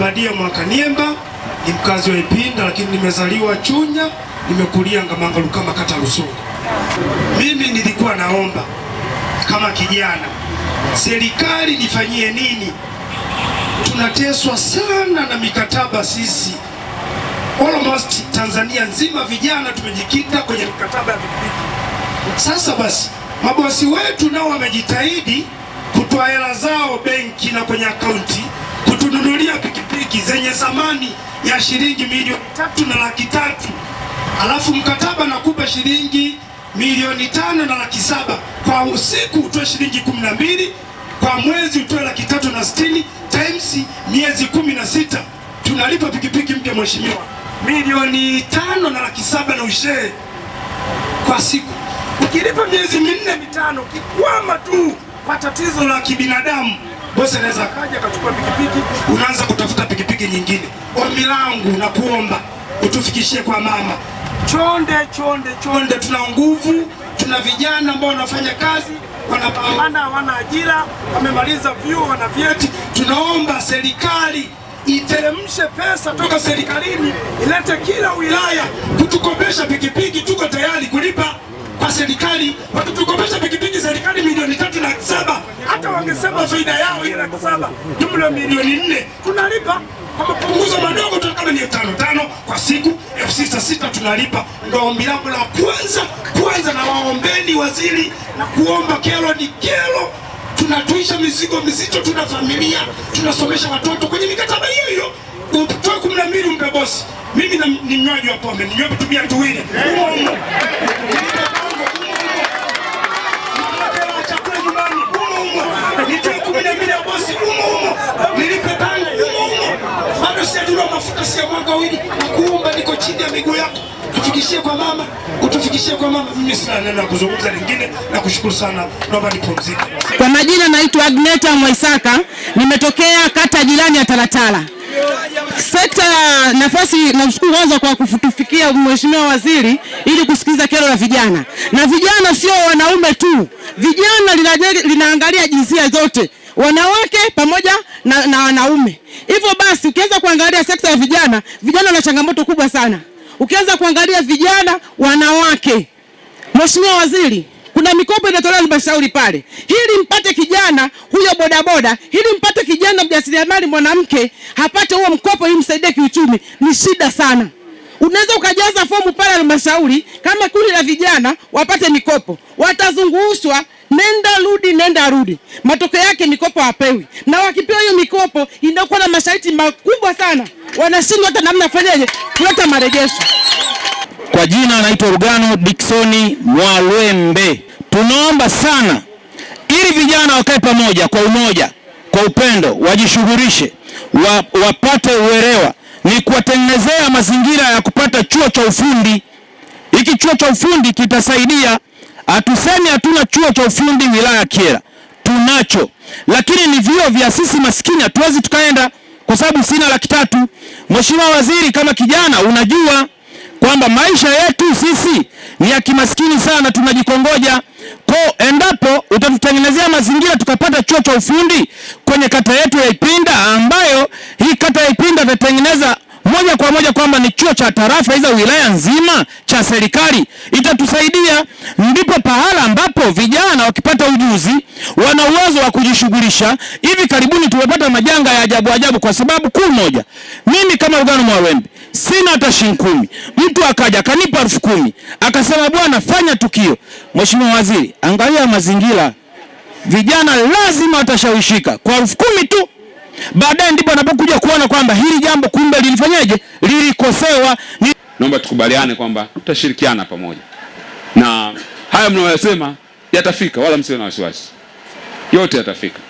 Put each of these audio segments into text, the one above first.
Obadia Mwakaniemba ni mkazi wa Ipinda, lakini nimezaliwa Chunya, nimekulia Ngamanga Lukama, kata Rusungu. Mimi nilikuwa naomba kama kijana, serikali nifanyie nini? Tunateswa sana na mikataba sisi, almost Tanzania nzima vijana tumejikita kwenye mikataba ya pikipiki. Sasa basi mabosi wetu nao wamejitahidi kutoa hela zao benki na kwenye akaunti kutununulia pikipiki kushiriki zenye thamani ya shilingi milioni tatu na laki tatu alafu mkataba nakupa shilingi milioni tano na laki saba kwa usiku utoe shilingi kumi na mbili kwa mwezi utoe laki tatu na sitini times miezi kumi na sita tunalipa pikipiki mpya mheshimiwa milioni tano na laki saba na ushee kwa siku. Ukilipa miezi minne mitano, kikwama tu kwa tatizo la kibinadamu bosi anaweza kaja akachukua pikipiki, unaanza kutafuta pikipiki nyingine. Ombi langu na kuomba utufikishie kwa mama chonde chonde chonde. Tuna nguvu, tuna vijana ambao wanafanya kazi, wanapambana, hawana ajira, wamemaliza vyuo, wana vyeti. Tunaomba serikali iteremshe pesa toka serikalini, ilete kila wilaya kutukopesha pikipiki. Tuko tayari kulipa kwa serikali, watutukopesha pikipiki serikali milioni tatu laki saba. Hata wangesema faida yao ile laki saba jumla milioni nne tunalipa kwa mapunguzo madogo, tunakana mia tano tano kwa siku elfu sita sita tunalipa. Ndio ombi langu la kwanza kwanza, na waombeni waziri na kuomba kero ni kero tunatuisha mizigo mizito, tuna familia, tunasomesha watoto kwenye mikataba hiyo hiyo. Utoe kumi na mbili umpe bosi. Mimi ni mnywaji wa pombe, ninywa vitu bia tuwili chini ya miguu kwa mama, utufikishie kwa mama. na kushukuru sana, Kwa majina naitwa Agneta Mwaisaka, nimetokea kata jirani ya Talatala. Sekta nafasi, namshukuru kwanza kwa kutufikia mheshimiwa waziri ili kusikiliza kero la vijana, na vijana sio wanaume tu, vijana linaangalia jinsia zote, wanawake pamoja na, na wanaume. Hivyo basi ukiweza kuangalia sekta ya vijana, vijana wana changamoto kubwa sana. Ukianza kuangalia vijana, wanawake, mheshimiwa waziri kuna mikopo inatolewa halmashauri pale, ili mpate kijana huyo bodaboda, ili mpate kijana mjasiriamali mwanamke apate huo mkopo ili msaidie kiuchumi, ni shida sana. Unaweza ukajaza fomu pale halmashauri kama kundi la vijana wapate mikopo, watazungushwa nenda rudi, nenda rudi. Matokeo yake mikopo hapewi, na wakipewa hiyo mikopo inakuwa na masharti makubwa sana, wanashindwa hata namna fanyaje kuleta marejesho. Kwa jina anaitwa Rugano Diksoni Mwalwembe tunaomba sana, ili vijana wakae pamoja kwa umoja, kwa upendo, wajishughulishe, wa, wapate uelewa, ni kuwatengenezea mazingira ya kupata chuo cha ufundi. Hiki chuo cha ufundi kitasaidia. Hatusemi hatuna chuo cha ufundi wilaya kiera tunacho, lakini ni vio vya sisi maskini, hatuwezi tukaenda kwa sababu sina laki tatu. Mheshimiwa Waziri, kama kijana unajua kwamba maisha yetu sisi ni ya kimaskini sana, tunajikongoja. Kwa endapo utatutengenezea mazingira tukapata chuo cha ufundi kwenye kata yetu ya Ipinda, ambayo hii kata ya Ipinda itatengeneza moja kwa moja kwamba ni chuo cha tarafa hizo wilaya nzima cha serikali, itatusaidia. Ndipo pahala ambapo vijana wakipata ujuzi wana uwezo wa kujishughulisha. Hivi karibuni tumepata majanga ya ajabu ajabu kwa sababu kuu moja, mimi kama Lugano Mwawembe sina hata shilingi kumi. Mtu akaja akanipa elfu kumi akasema, bwana fanya tukio. Mheshimiwa Waziri, angalia mazingira, vijana lazima watashawishika kwa elfu kumi tu. Baadaye ndipo anapokuja kuona kwamba hili jambo kumbe lilifanyaje, lilikosewa. Naomba tukubaliane kwamba tutashirikiana pamoja na haya mnayosema yatafika, wala msiwe na wasiwasi, yote yatafika.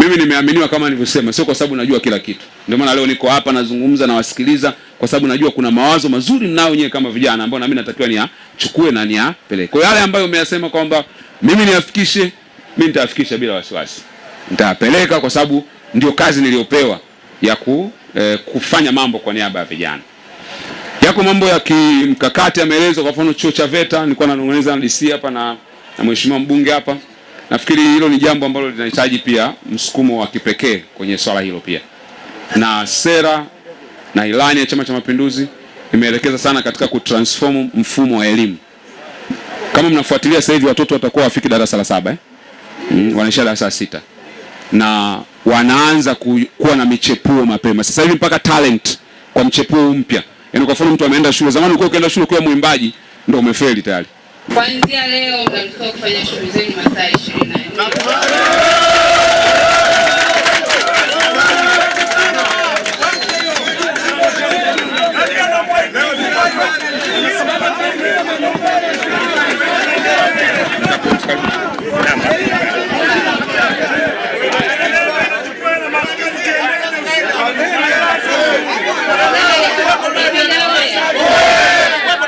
Mimi nimeaminiwa kama nilivyosema, sio kwa sababu najua kila kitu. Ndio maana leo niko hapa nazungumza, nawasikiliza kwa sababu najua kuna mawazo mazuri mnao wenyewe kama vijana, ambao nami natakiwa niyachukue na niyapeleke. Kwa yale ambayo umeyasema kwamba mimi niyafikishe, mimi nitayafikisha bila wasiwasi, nitayapeleka kwa sababu ndio kazi niliyopewa ya ku, eh, kufanya mambo kwa niaba ya vijana. Yako mambo ya kimkakati yameelezwa, kwa mfano chuo cha VETA. Nilikuwa nazungumza na DC hapa na, na mheshimiwa mbunge hapa Nafikiri hilo ni jambo ambalo linahitaji pia msukumo wa kipekee kwenye swala hilo pia, na sera na ilani ya Chama cha Mapinduzi imeelekeza sana katika kutransform mfumo wa elimu. Kama mnafuatilia sasa hivi watoto watakuwa wafiki darasa la saba eh? Mm, wanaisha darasa la sita na wanaanza ku, kuwa na michepuo mapema sasa hivi mpaka talent kwa mchepuo mpya. Yaani kwa mfano mtu ameenda shule, zamani ulikuwa ukienda shule ukiwa mwimbaji ndio umefeli tayari. Kuanzia leo mnaruhusiwa kufanya shughuli zenu masaa ishirini na nne.